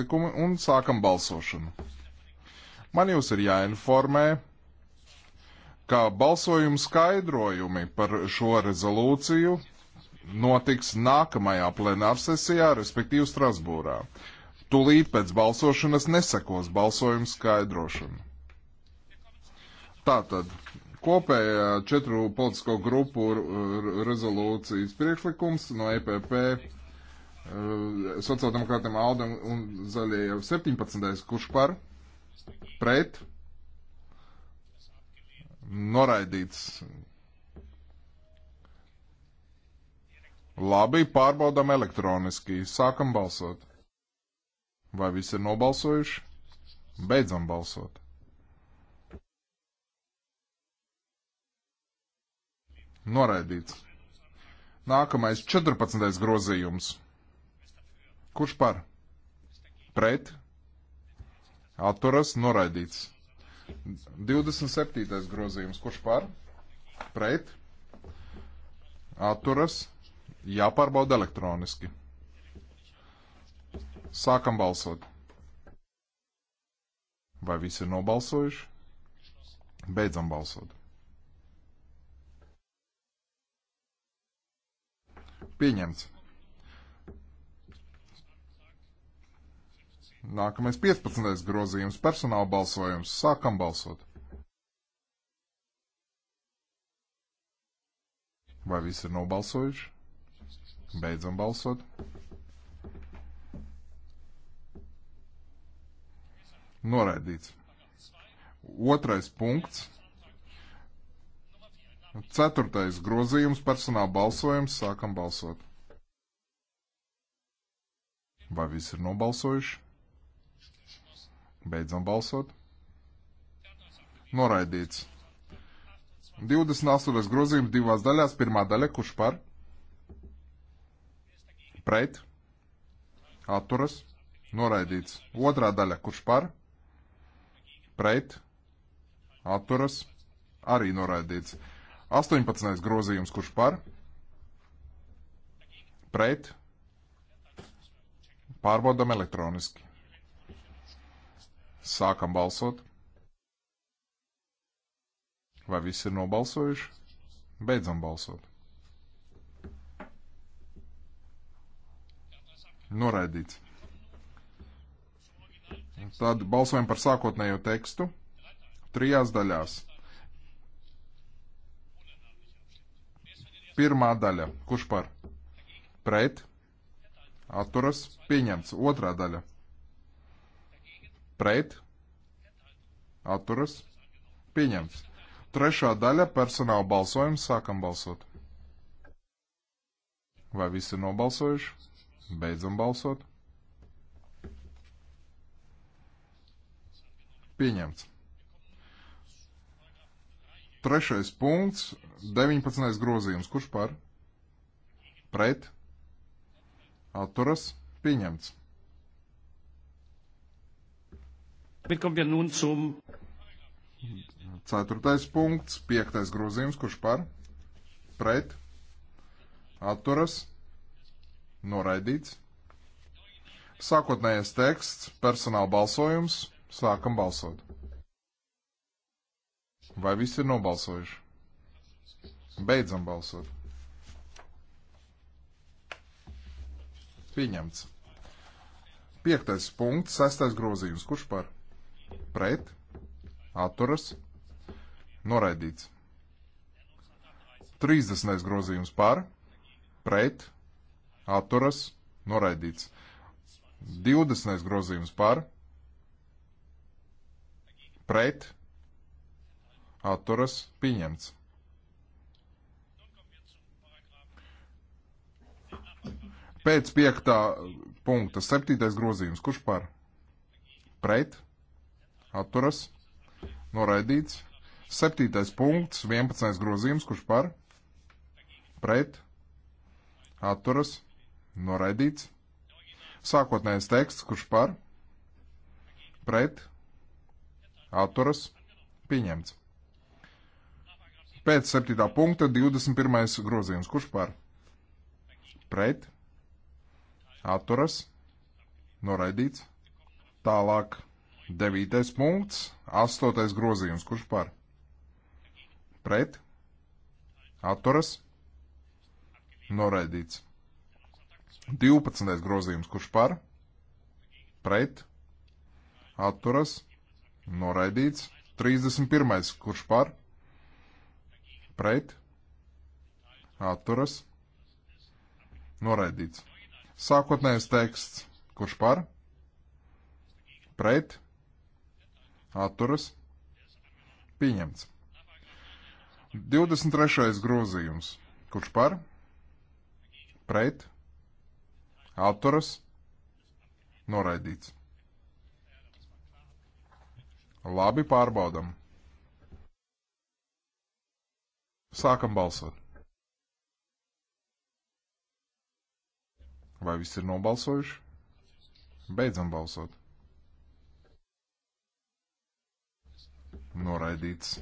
likumi un sākam balsošanu. Man jūs ir jāinformē, ka balsojuma skaidrojumi par šo rezolūciju notiks nākamajā plenārsesijā, respektīvi Strasbūrā. Tūlīt pēc balsošanas nesekos balsojuma skaidrošana. Tātad kopējā četru politisko grupu rezolūcijas priekšlikums no EPP sociāldemokrātiem Aldam un zaļie jau 17. kurš par pret noraidīts. Labi, pārbaudām elektroniski. Sākam balsot. Vai visi ir nobalsojuši? Beidzam balsot. Noraidīts. Nākamais 14. grozījums Kurš par? Pret? Atturas noraidīts. 27. grozījums. Kurš par? Pret? Atturas. Jāpārbauda elektroniski. Sākam balsot. Vai visi ir nobalsojuši? Beidzam balsot. Pieņemts. Nākamais 15. grozījums - personāla balsojums. Sākam balsot. Vai visi ir nobalsojuši? Beidzam balsot. Noraidīts. Otrais punkts. Ceturtais grozījums - personāla balsojums. Sākam balsot. Vai visi ir nobalsojuši? Beidzam balsot. Noraidīts. 28. grozījums divās daļās. Pirmā daļa, kurš par? Pret. Atturas. Noraidīts. Otrā daļa, kurš par? Pret. Atturas. Arī noraidīts. 18. grozījums, kurš par? Pret. Pārbaudam elektroniski. Sākam balsot. Vai visi ir nobalsojuši? Beidzam balsot. Noraidīts. Tad balsojam par sākotnējo tekstu trijās daļās. Pirmā daļa. Kurš par? Pret. Atturas. Pieņemts. Otrā daļa pret, atturas, pieņemts. Trešā daļa personāla balsojums, sākam balsot. Vai visi ir nobalsojuši? Beidzam balsot. Pieņemts. Trešais punkts, 19. grozījums. Kurš par? Pret? Atturas? Pieņemts. Ceturtais punkts, piektais grozījums, kurš par, pret, atturas, noraidīts. Sākotnējais teksts, personāla balsojums, sākam balsot. Vai visi ir nobalsojuši? Beidzam balsot. Pieņemts. Piektais punkts, sestais grozījums, kurš par? pret, atturas, noraidīts. 30. grozījums par, pret, atturas, noraidīts. 20. grozījums par, pret, atturas, pieņemts. Pēc piektā punkta septītais grozījums. Kurš par? Pret? atturas, noraidīts. Septītais punkts, 11. grozījums, kurš par, pret, atturas, noraidīts. Sākotnējais teksts, kurš par, pret, atturas, pieņemts. Pēc 7. punkta 21. grozījums, kurš par, pret, atturas, noraidīts. Tālāk Devītais punkts, astotais grozījums, kurš par? Pret? Atturas? Noraidīts. 12. grozījums, kurš par? Pret? Atturas? Noraidīts. 31. kurš par? Pret? Atturas? Noraidīts. Sākotnējais teksts, kurš par? Pret? Atturas. Pieņemts. 23. grozījums. Kurš par? Pret. Atturas. Noraidīts. Labi, pārbaudam. Sākam balsot. Vai viss ir nobalsojuši? Beidzam balsot. Noraidīts.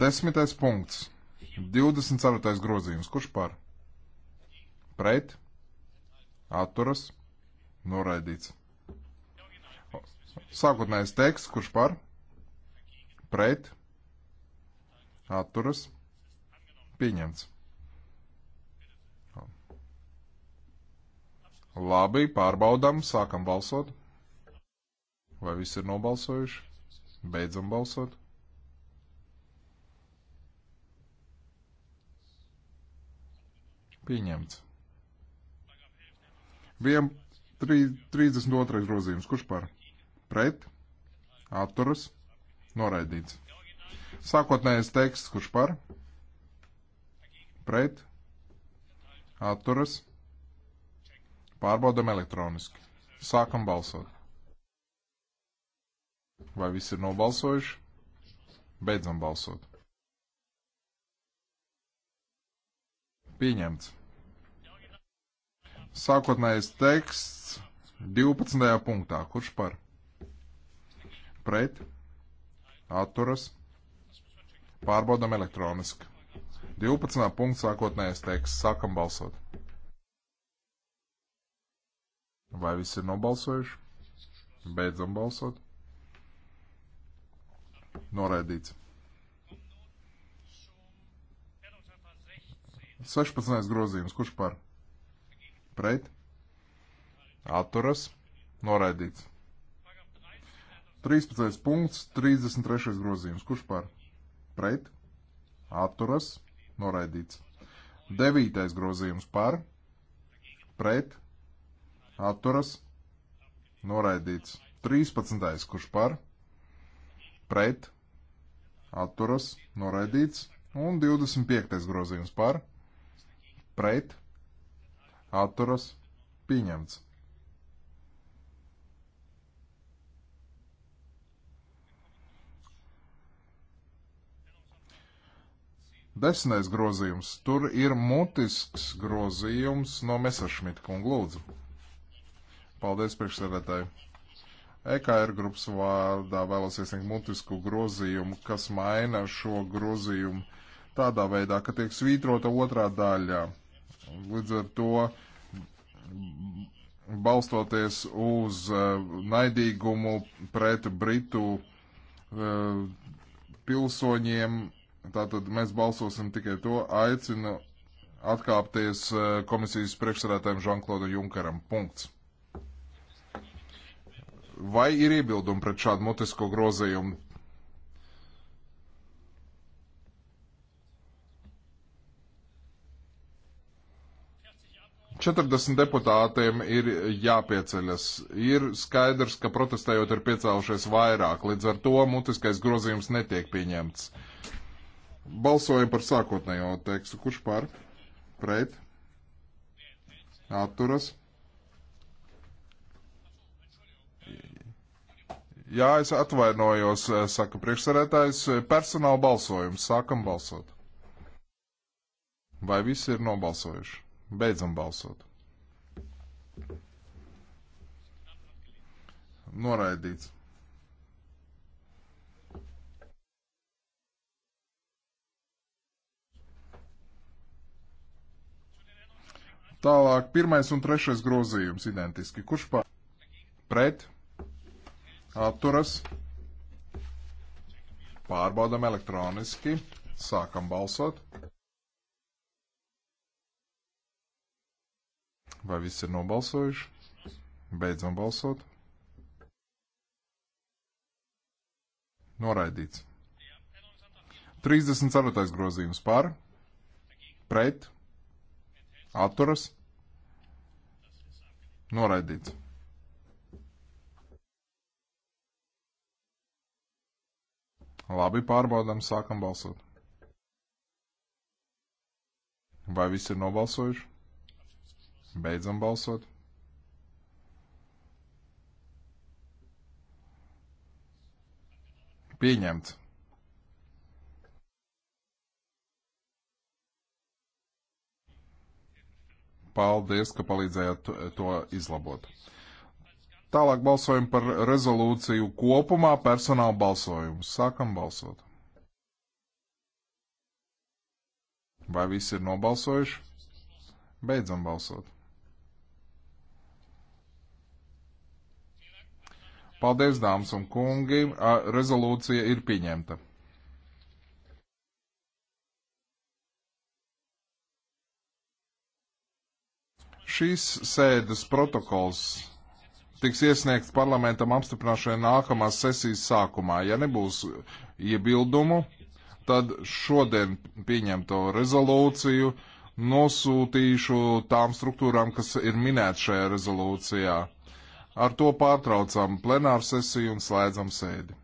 Desmitais punkts. 24. grozījums. Kurš par? Pret? Atturas? Noraidīts. Sākotnējais teksts. Kurš par? Pret? Atturas? Pieņemts. Labi, pārbaudām, sākam balsot. Vai visi ir nobalsojuši? Beidzam balsot. Pieņemts. 1, 3, 32. grozījums. Kurš par? Pret? Atturas? Noraidīts. Sākotnējais teksts. Kurš par? Pret? Atturas? Pārbaudam elektroniski. Sākam balsot. Vai visi ir nobalsojuši? Beidzam balsot. Pieņemts. Sākotnējais teksts 12. punktā. Kurš par? Pret? Atturas? Pārbaudam elektroniski. 12. punkts sākotnējais teksts. Sākam balsot. Vai visi ir nobalsojuši? Beidzam balsot. Noraidīts. 16. grozījums. Kurš par? Pret. Atturas. Noraidīts. 13. punkts, 33. grozījums. Kurš par? Pret. Atturas. Noraidīts. 9. grozījums par. Pret. Atturas. Noraidīts. 13. kurš par. Pret atturas, noraidīts. Un 25. grozījums par, pret, atturas, pieņemts. Desmitais grozījums. Tur ir mutisks grozījums no Mesašmita kunga lūdzu. Paldies priekšsēdētāji. EKR grupas vārdā vēlos iesniegt mutisku grozījumu, kas maina šo grozījumu tādā veidā, ka tiek svītrota otrā daļā. Līdz ar to balstoties uz uh, naidīgumu pret Britu uh, pilsoņiem, tātad mēs balsosim tikai to, aicinu atkāpties uh, komisijas priekšsarētājiem Žanklaudu Junkaram. Punkts. Vai ir iebildumi pret šādu mutisko grozījumu? Četrdesmit deputātiem ir jāpieceļas. Ir skaidrs, ka protestējot ir piecēlušies vairāk, līdz ar to mutiskais grozījums netiek pieņemts. Balsojam par sākotnējo tekstu. Kurš par? Pret? Atturas? Jā, es atvainojos, eh, saka priekšsarētājs, personāla balsojums. Sākam balsot. Vai visi ir nobalsojuši? Beidzam balsot. Noraidīts. Tālāk, pirmais un trešais grozījums identiski. Kurš pār? Pret? atturas. Pārbaudam elektroniski. Sākam balsot. Vai viss ir nobalsojuši? Beidzam balsot. Noraidīts. 34. grozījums par, pret, atturas, noraidīts. Labi, pārbaudām, sākam balsot. Vai viss ir nobalsojuši? Beidzam balsot. Pieņemts. Paldies, ka palīdzējāt to izlabot. Tālāk balsojam par rezolūciju kopumā personāla balsojumu. Sākam balsot. Vai visi ir nobalsojuši? Beidzam balsot. Paldies, dāmas un kungi. Rezolūcija ir pieņemta. Šīs sēdes protokols tiks iesniegts parlamentam apstiprināšanai nākamās sesijas sākumā. Ja nebūs iebildumu, tad šodien pieņemto rezolūciju nosūtīšu tām struktūrām, kas ir minētas šajā rezolūcijā. Ar to pārtraucam plenāru sesiju un slēdzam sēdi.